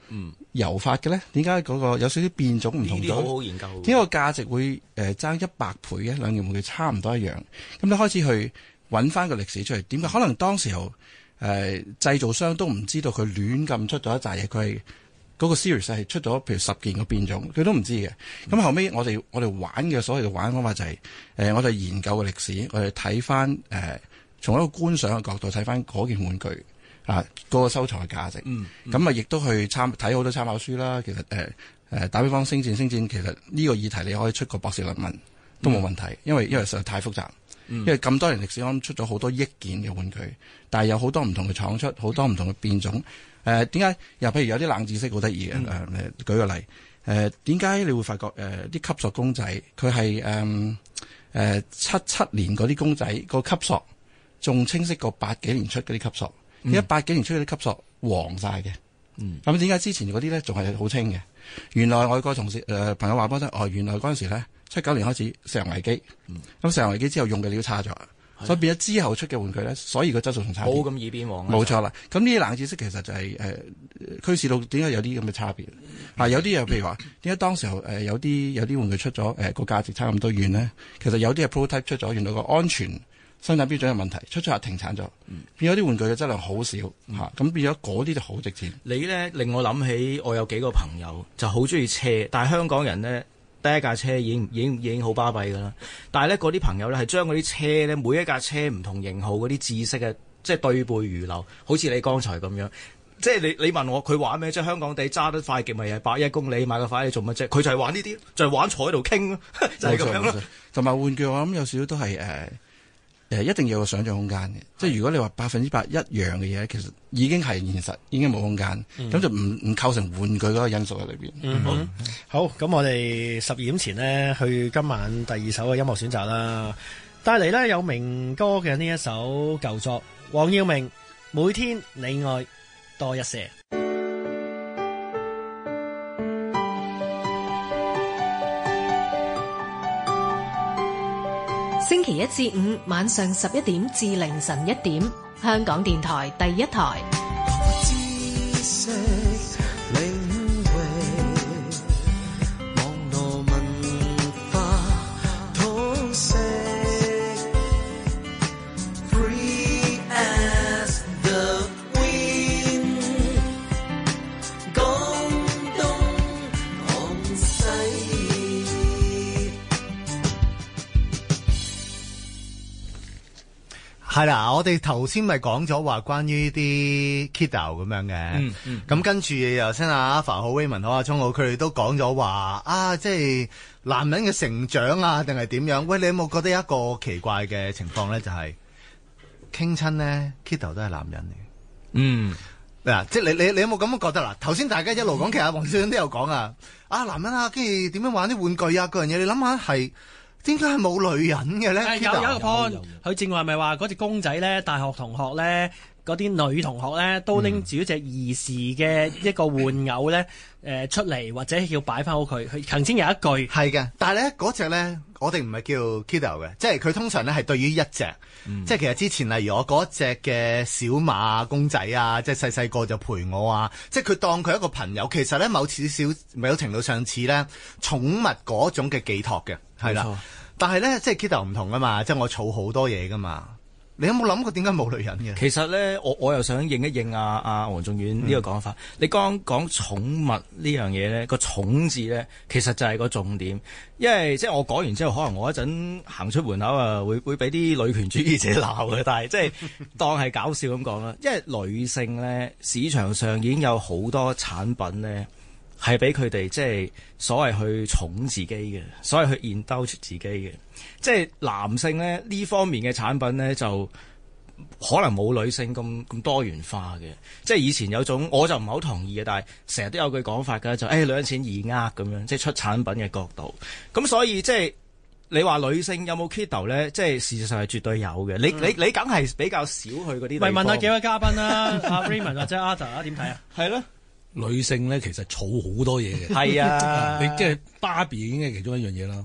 油法嘅咧？點解嗰個有少少變種唔同咗？呢啲好好研究。點解個價值會誒爭一百倍嘅兩件玩具差唔多一樣？咁你開始去揾翻個歷史出嚟，點解可能當時候？.誒、呃，製造商都唔知道佢亂咁出咗一紮嘢，佢、那個、係嗰個 series 係出咗譬如十件個變種，佢都唔知嘅。咁後尾我哋我哋玩嘅所謂嘅玩方法就係、是，誒、呃、我哋研究嘅歷史，我哋睇翻誒從一個觀賞嘅角度睇翻嗰件玩具啊，那個收藏嘅價值。咁啊、嗯，亦、嗯、都去參睇好多參考書啦。其實誒誒、呃，打比方星戰星戰，其實呢個議題你可以出個博士論文都冇問題，嗯、因為因為實在太複雜。因為咁多年歷史，我出咗好多億件嘅玩具，但係有好多唔同嘅廠出，好多唔同嘅變種。誒、呃，點解？又譬如有啲冷知識好得意嘅。誒、呃，舉個例，誒、呃，點解你會發覺誒啲吸塑公仔，佢係誒誒七七年嗰啲公仔個吸塑仲清晰過八幾年出嗰啲吸塑。而家八幾年出嗰啲吸塑黃晒嘅。嗯。咁點解之前嗰啲咧仲係好清嘅？原來外國同事誒、呃、朋友話俾我聽，哦，原來嗰陣時咧。七九年開始石油危機，咁石油危機之後用嘅料差咗的，所以變咗之後出嘅玩具咧，所以個質素仲差，冇咁易變黃。冇錯啦，咁呢啲冷知識其實就係、是、誒，驅、呃、使到點解有啲咁嘅差別？吓、嗯啊，有啲又譬如話，點解當時候誒、呃、有啲有啲玩具出咗誒個價值差咁多遠呢？其實有啲係 prototype 出咗，原來個安全生產標準嘅問題，出咗後停產咗，嗯、變咗啲玩具嘅質量好少吓，咁、嗯啊、變咗嗰啲就好值錢。你咧令我諗起我有幾個朋友就好中意車，但係香港人呢。第一架車已經已經已經好巴閉㗎喇，但係咧嗰啲朋友咧係將嗰啲車咧每一架車唔同型號嗰啲知識嘅即係倒背如流，好似你剛才咁樣，即係你你問我佢玩咩？即係香港地揸得快極咪係百一公里，買個快嘢做乜啫？佢就係玩呢啲，就係、玩坐喺度傾，錯 就係咁這樣咯錯。同埋換句話，我諗有少少都係誒。Uh 誒，一定要有個想象空間嘅，即係如果你話百分之百一樣嘅嘢，其實已經係現實，已經冇空間，咁、嗯、就唔唔構成玩具嗰個因素喺裏邊。嗯、好，好，咁我哋十二點前呢，去今晚第二首嘅音樂選擇啦，帶嚟呢有明哥嘅呢一首舊作，黃耀明，每天你愛多一些。星期一至五晚上十一點至凌晨一點，香港電台第一台。嗱，我哋頭先咪講咗話關於啲 Kidult 咁樣嘅，咁、嗯嗯、跟住又先啊，阿凡好威文好，阿聰好，佢哋都講咗話啊，即係男人嘅成長啊，定係點樣？喂，你有冇覺得一個奇怪嘅情況咧？就係、是、傾親咧，Kidult 都係男人嚟嘅。嗯，嗱，即係你你你有冇咁樣覺得嗱，頭先大家一路講，其實黃少欣都有講啊，啊男人啊，跟住點樣玩啲玩具啊嗰樣嘢，你諗下係。點解係冇女人嘅咧？哎、K ido, 有有一個 point，佢正話咪話嗰隻公仔咧？大學同學咧，嗰啲女同學咧，都拎住一隻兒時嘅一個玩偶咧，誒、嗯呃、出嚟或者要擺翻好佢。佢頭先有一句係嘅，但係咧嗰隻咧。我哋唔係叫 Kido 嘅，即係佢通常咧係對於一隻，嗯、即係其實之前例如我嗰隻嘅小馬公仔啊，即係細細個就陪我啊，即係佢當佢一個朋友，其實咧某次，少，某程度上似咧寵物嗰種嘅寄託嘅，係啦。冇錯。但係咧，即係 Kido 唔同噶嘛，即係我儲好多嘢噶嘛。你有冇諗過點解冇女人嘅？其實呢，我我又想認一認阿阿黃仲遠呢個講法。嗯、你剛講寵物呢樣嘢，呢個寵字呢，其實就係個重點。因為即係我講完之後，可能我一陣行出門口啊，會會俾啲女權主義者鬧嘅。但係即係 當係搞笑咁講啦。因為女性呢，市場上已經有好多產品呢。係俾佢哋即係所謂去寵自己嘅，所謂去 indulge 自己嘅。即係男性咧呢方面嘅產品咧就可能冇女性咁咁多元化嘅。即係以前有種我就唔係好同意嘅，但係成日都有句講法噶，就誒，女人錢易呃咁樣。即係出產品嘅角度，咁所以即係你話女性有冇 kidult 咧？即係事實上係絕對有嘅。你、嗯、你你梗係比較少去嗰啲、嗯。咪問，問下幾位嘉賓啦、啊，阿 Raymond 或者 Ada 點睇啊？係咯。女性咧，其實儲好多嘢嘅。係 是啊， 你即係芭比已經係其中一樣嘢啦。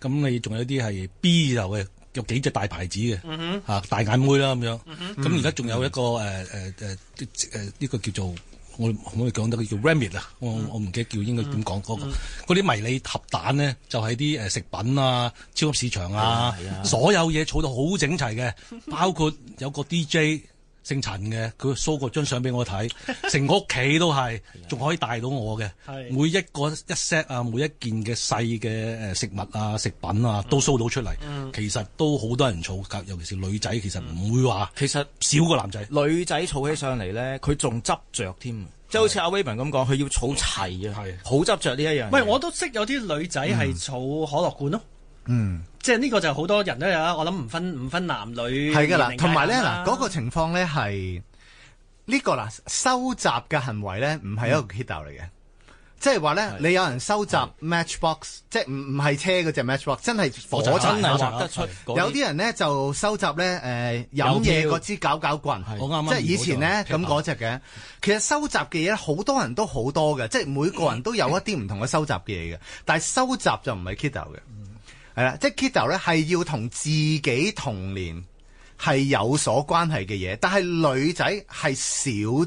咁你仲有啲係 B 就嘅，有幾隻大牌子嘅嚇、mm hmm. 啊、大眼妹啦咁樣。咁而家仲有一個誒誒誒啲呢個叫做我我哋講得叫 Re-Ment 啊，我我唔、mm hmm. 記得叫應該點講嗰個。嗰啲、mm hmm. 迷你盒蛋咧，就係啲誒食品啊、超級市場啊，所有嘢儲到好整齊嘅，包括有個 DJ。姓陳嘅，佢會掃過張相俾我睇，成 個屋企都係，仲可以帶到我嘅。的每一個一 set 啊，每一件嘅細嘅誒食物啊、食品啊，都掃到出嚟。嗯、其實都好多人儲噶，尤其是女仔，其實唔會話。嗯、其實少過男仔，女仔儲起上嚟咧，佢仲的、嗯、執着添。即係好似阿 Wevin 咁講，佢要儲齊啊，好執着呢一樣。唔係，我都識有啲女仔係儲可樂罐咯。嗯嗯，即係呢個就好多人都有，我諗唔分唔分男女係噶啦，同埋咧嗱嗰個情況咧係呢個啦，收集嘅行為咧唔係一個 kidult 嚟嘅，即係話咧你有人收集 matchbox，即係唔唔係車嗰隻 matchbox，真係火真係得出。有啲人咧就收集咧誒飲嘢嗰支搞搞棍，即係以前咧咁嗰隻嘅。其實收集嘅嘢好多人都好多嘅，即係每個人都有一啲唔同嘅收集嘅嘢嘅，但係收集就唔係 kidult 嘅。係啦，即係 Kiddo 咧係要同自己童年係有所關係嘅嘢，但係女仔係少啲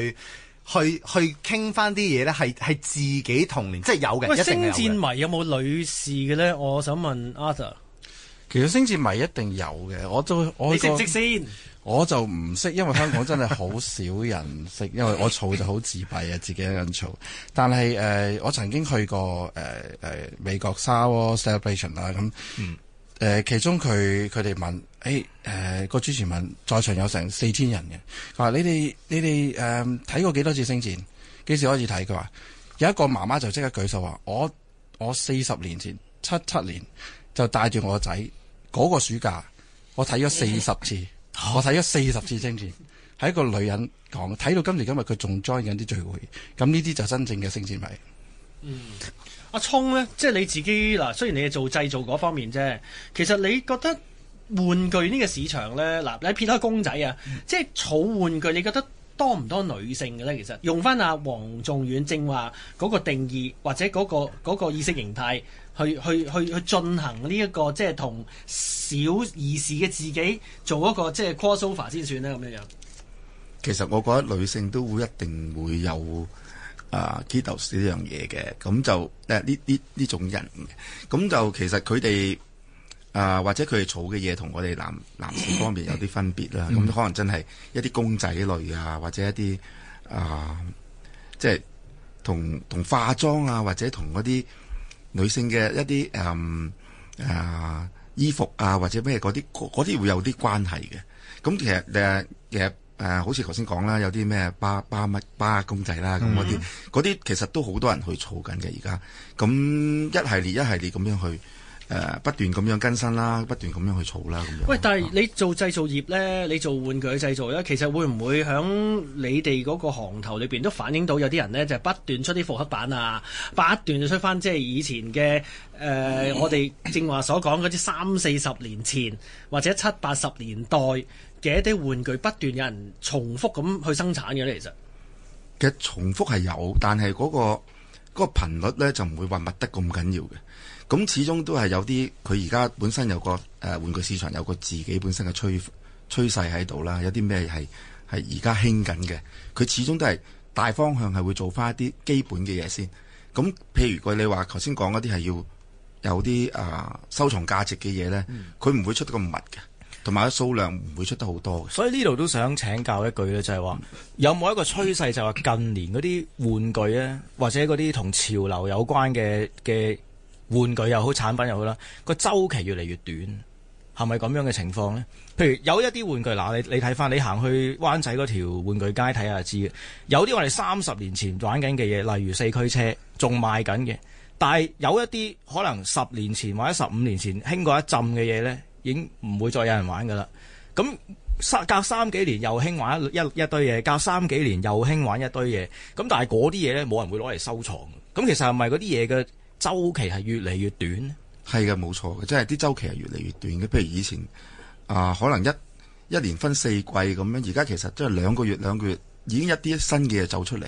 去去去傾翻啲嘢咧，係係自己童年即係有嘅。有星戰迷有冇女士嘅咧？我想問 Arthur。其實星戰迷一定有嘅，我都我你識唔識先？我就唔識，因為香港真係好少人識， 因為我嘈就好自閉啊，自己一個人嘈。但係誒、呃，我曾經去過誒誒、呃、美國沙俄 Celebration 啦、啊、咁，誒、呃、其中佢佢哋問誒誒個主持人問在場有成四千人嘅，話你哋你哋誒睇過幾多次星戰？幾時開始睇？佢話有一個媽媽就即刻舉手話：我我四十年前七七年就帶住我個仔。嗰個暑假，我睇咗四十次，看我睇咗四十次精《星戰、哦》，係一個女人講，睇到今時今日佢仲 join 緊啲聚會，咁呢啲就真正嘅星戰迷。嗯，阿、啊、聰呢？即係你自己嗱，雖然你係做製造嗰方面啫，其實你覺得玩具呢個市場呢？嗱，你撇開公仔啊，嗯、即係草玩具，你覺得多唔多女性嘅呢？其實用翻阿黃仲遠正話嗰個定義或者嗰、那個嗰、那個意識形態。去去去去進行呢、這、一個即係同小兒時嘅自己做一個即係 crossover 先算啦。咁樣樣。其實我覺得女性都會一定會有啊 k i t o 呢樣嘢嘅。咁就誒呢啲呢種人，咁就其實佢哋啊或者佢哋儲嘅嘢同我哋男男性方面有啲分別啦，咁 可能真係一啲公仔類啊或者一啲啊即係同同化妝啊或者同嗰啲。女性嘅一啲誒、嗯、啊衣服啊或者咩嗰啲嗰啲會有啲關係嘅，咁其實誒其實誒，好似頭先講啦，有啲咩巴巴乜巴公仔啦，咁嗰啲，嗰啲、嗯、其實都好多人去做緊嘅而家，咁一系列一系列咁樣去。誒不斷咁樣更新啦，不斷咁樣去儲啦咁樣。喂，但係你做製造業呢，啊、你做玩具製造呢，其實會唔會響你哋嗰個行頭裏邊都反映到有啲人呢就係、是、不斷出啲復刻版啊，不斷就出翻即係以前嘅誒、呃，我哋正話所講嗰啲三四十年前或者七八十年代嘅一啲玩具，不斷有人重複咁去生產嘅咧，其實其實重複係有，但係嗰、那個嗰、那個、頻率呢，就唔會話密得咁緊要嘅。咁始終都係有啲，佢而家本身有個誒、呃、玩具市場有個自己本身嘅趨趨勢喺度啦。有啲咩係係而家興緊嘅？佢始終都係大方向係會做翻一啲基本嘅嘢先。咁譬如佢你話頭先講嗰啲係要有啲啊、呃、收藏價值嘅嘢呢，佢唔、嗯、會出得咁密嘅，同埋個數量唔會出得好多嘅。所以呢度都想請教一句呢，就係、是、話有冇一個趨勢就係話近年嗰啲玩具呢，或者嗰啲同潮流有關嘅嘅。玩具又好，產品又好啦，個週期越嚟越短，係咪咁樣嘅情況咧？譬如有一啲玩具，嗱，你你睇翻，你行去灣仔嗰條玩具街睇下就知。有啲我哋三十年前玩緊嘅嘢，例如四驅車，仲賣緊嘅。但係有一啲可能十年前或者十五年前興過一浸嘅嘢咧，已經唔會再有人玩噶啦。咁隔三幾年又興玩一一一堆嘢，隔三幾年又興玩一堆嘢。咁但係嗰啲嘢咧，冇人會攞嚟收藏。咁其實係咪嗰啲嘢嘅？周期係越嚟越短，係嘅，冇錯嘅，即係啲周期係越嚟越短嘅。譬如以前啊、呃，可能一一年分四季咁樣，而家其實即係兩個月兩個月已經一啲新嘅嘢走出嚟。咁、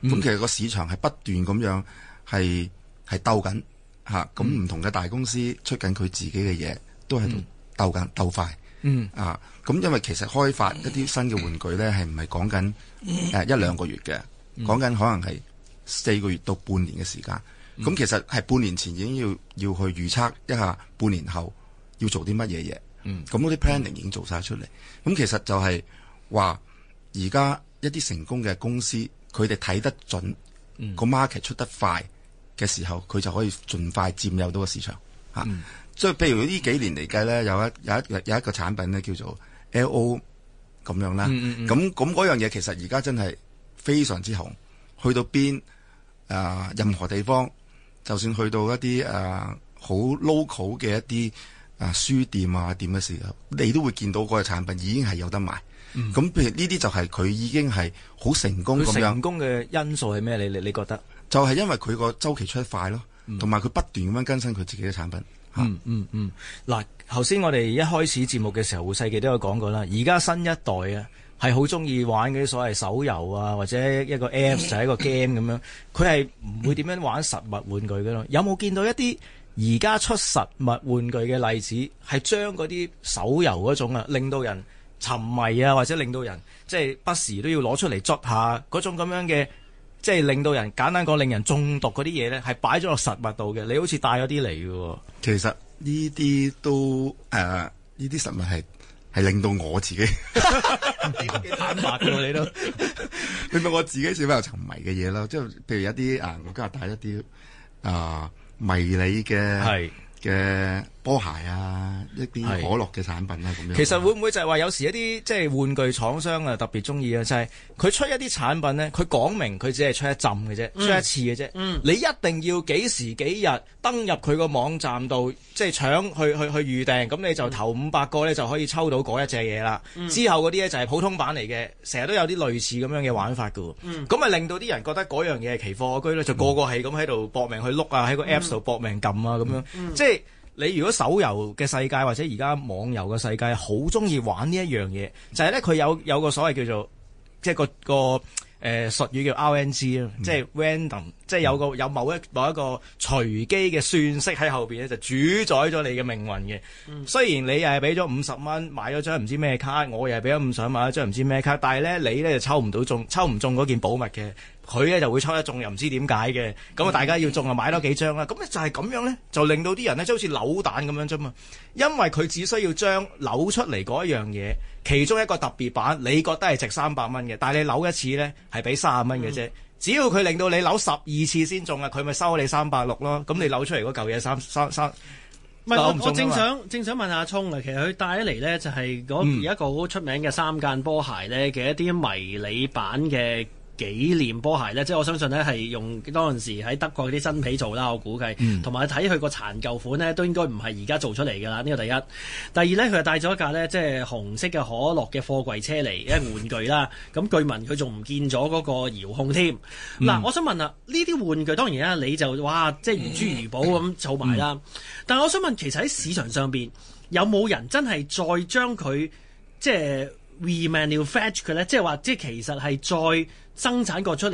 嗯、其實個市場係不斷咁樣係係鬥緊嚇。咁唔同嘅大公司出緊佢自己嘅嘢，都喺度鬥緊鬥快。嗯啊，咁因為其實開發一啲新嘅玩具呢，係唔係講緊誒一兩個月嘅，講緊、嗯、可能係四個月到半年嘅時間。咁、嗯、其實係半年前已經要要去預測一下半年後要做啲乜嘢嘢。咁嗰啲 planning 已經做晒出嚟。咁、嗯、其實就係、係、話，而家一啲成功嘅公司，佢哋睇得準個 market 出得快嘅時候，佢就可以盡快佔有到個市場。嚇、啊！即係、嗯、譬如呢幾年嚟計咧，有一有一有一個產品咧叫做 LO 咁樣啦。咁咁嗰樣嘢其實而家真係非常之紅，去到邊啊、呃、任何地方。嗯就算去到一啲誒、呃、好 local 嘅一啲誒、呃、書店啊，點嘅時候，你都會見到嗰個產品已經係有得賣。咁譬如呢啲就係佢已經係好成功咁樣。佢成功嘅因素係咩？你你你覺得就係因為佢個周期出得快咯，同埋佢不斷咁樣更新佢自己嘅產品。嗯嗯嗯。嗱、嗯，頭先、嗯、我哋一開始節目嘅時候，胡世傑都有講過啦。而家新一代嘅、啊。係好中意玩嗰啲所謂手遊啊，或者一個 apps 就係一個 game 咁樣。佢係唔會點樣玩實物玩具嘅咯。有冇見到一啲而家出實物玩具嘅例子，係將嗰啲手遊嗰種啊，令到人沉迷啊，或者令到人即係不時都要攞出嚟捉下嗰種咁樣嘅，即係令到人簡單，講令人中毒嗰啲嘢呢，係擺咗落實物度嘅？你好似帶咗啲嚟嘅。其實呢啲都誒，呢啲實物係。係令到我自己 坦白喎，你都， 令到我自己小朋友沉迷嘅嘢啦，即係譬如一啲啊，我今日帶一啲啊，迷你嘅。嘅波鞋啊，一啲可樂嘅產品啊，咁是樣其實會唔會就係話有時一啲即係玩具廠商啊特別中意啊，就係、是、佢出一啲產品呢，佢講明佢只係出一浸嘅啫，嗯、出一次嘅啫。嗯、你一定要幾時幾日登入佢個網站度，即係搶去去去，去預訂，咁你就頭五百個呢，就可以抽到嗰一隻嘢啦。嗯、之後嗰啲呢，就係普通版嚟嘅，成日都有啲類似咁樣嘅玩法噶。咁咪、嗯、令到啲人覺得嗰樣嘢係奇貨可居呢，就個個係咁喺度搏命去碌啊，喺個 Apps 度搏命撳啊，咁樣、嗯嗯、即係、嗯。即你如果手遊嘅世界或者而家網遊嘅世界，好中意玩呢一樣嘢，就係咧佢有有個所謂叫做。即係、嗰個誒術語叫 RNG 啦、嗯，即係 random，即係有個有某一某一個隨機嘅算式喺後邊咧，就主宰咗你嘅命運嘅。嗯、雖然你又係俾咗五十蚊買咗張唔知咩卡，我又係俾咗五十蚊買咗張唔知咩卡，但係咧你咧就抽唔到中，抽唔中嗰件寶物嘅，佢咧就會抽得中又，又唔知點解嘅。咁啊，大家要中啊，買多幾張啦。咁咧就係咁樣咧，就令到啲人咧即好似扭蛋咁樣啫嘛，因為佢只需要將扭出嚟嗰一樣嘢。其中一個特別版，你覺得係值三百蚊嘅，但你扭一次呢係俾三十蚊嘅啫。嗯、只要佢令到你扭十二次先中啊，佢咪收你三百六咯。咁你扭出嚟嗰嚿嘢三三三，唔係不我我正想正想問阿聰啦，其實佢帶嚟呢就係嗰而家個好出名嘅三間波鞋呢嘅一啲迷你版嘅。幾年波鞋咧，即係我相信咧係用當陣時喺德國嗰啲新皮做啦。我估計同埋睇佢個殘舊款咧，都應該唔係而家做出嚟㗎啦。呢個第一，第二咧佢係帶咗一架咧，即係紅色嘅可樂嘅貨櫃車嚟嘅玩具啦。咁據聞佢仲唔見咗嗰個遙控添嗱、嗯啊。我想問啊，呢啲玩具當然啦，你就哇即係如珠如寶咁儲埋啦。嗯、但係我想問，其實喺市場上邊有冇人真係再將佢即係 r e m a n u f e t c h 佢咧？即係話即係其實係再。生產過出。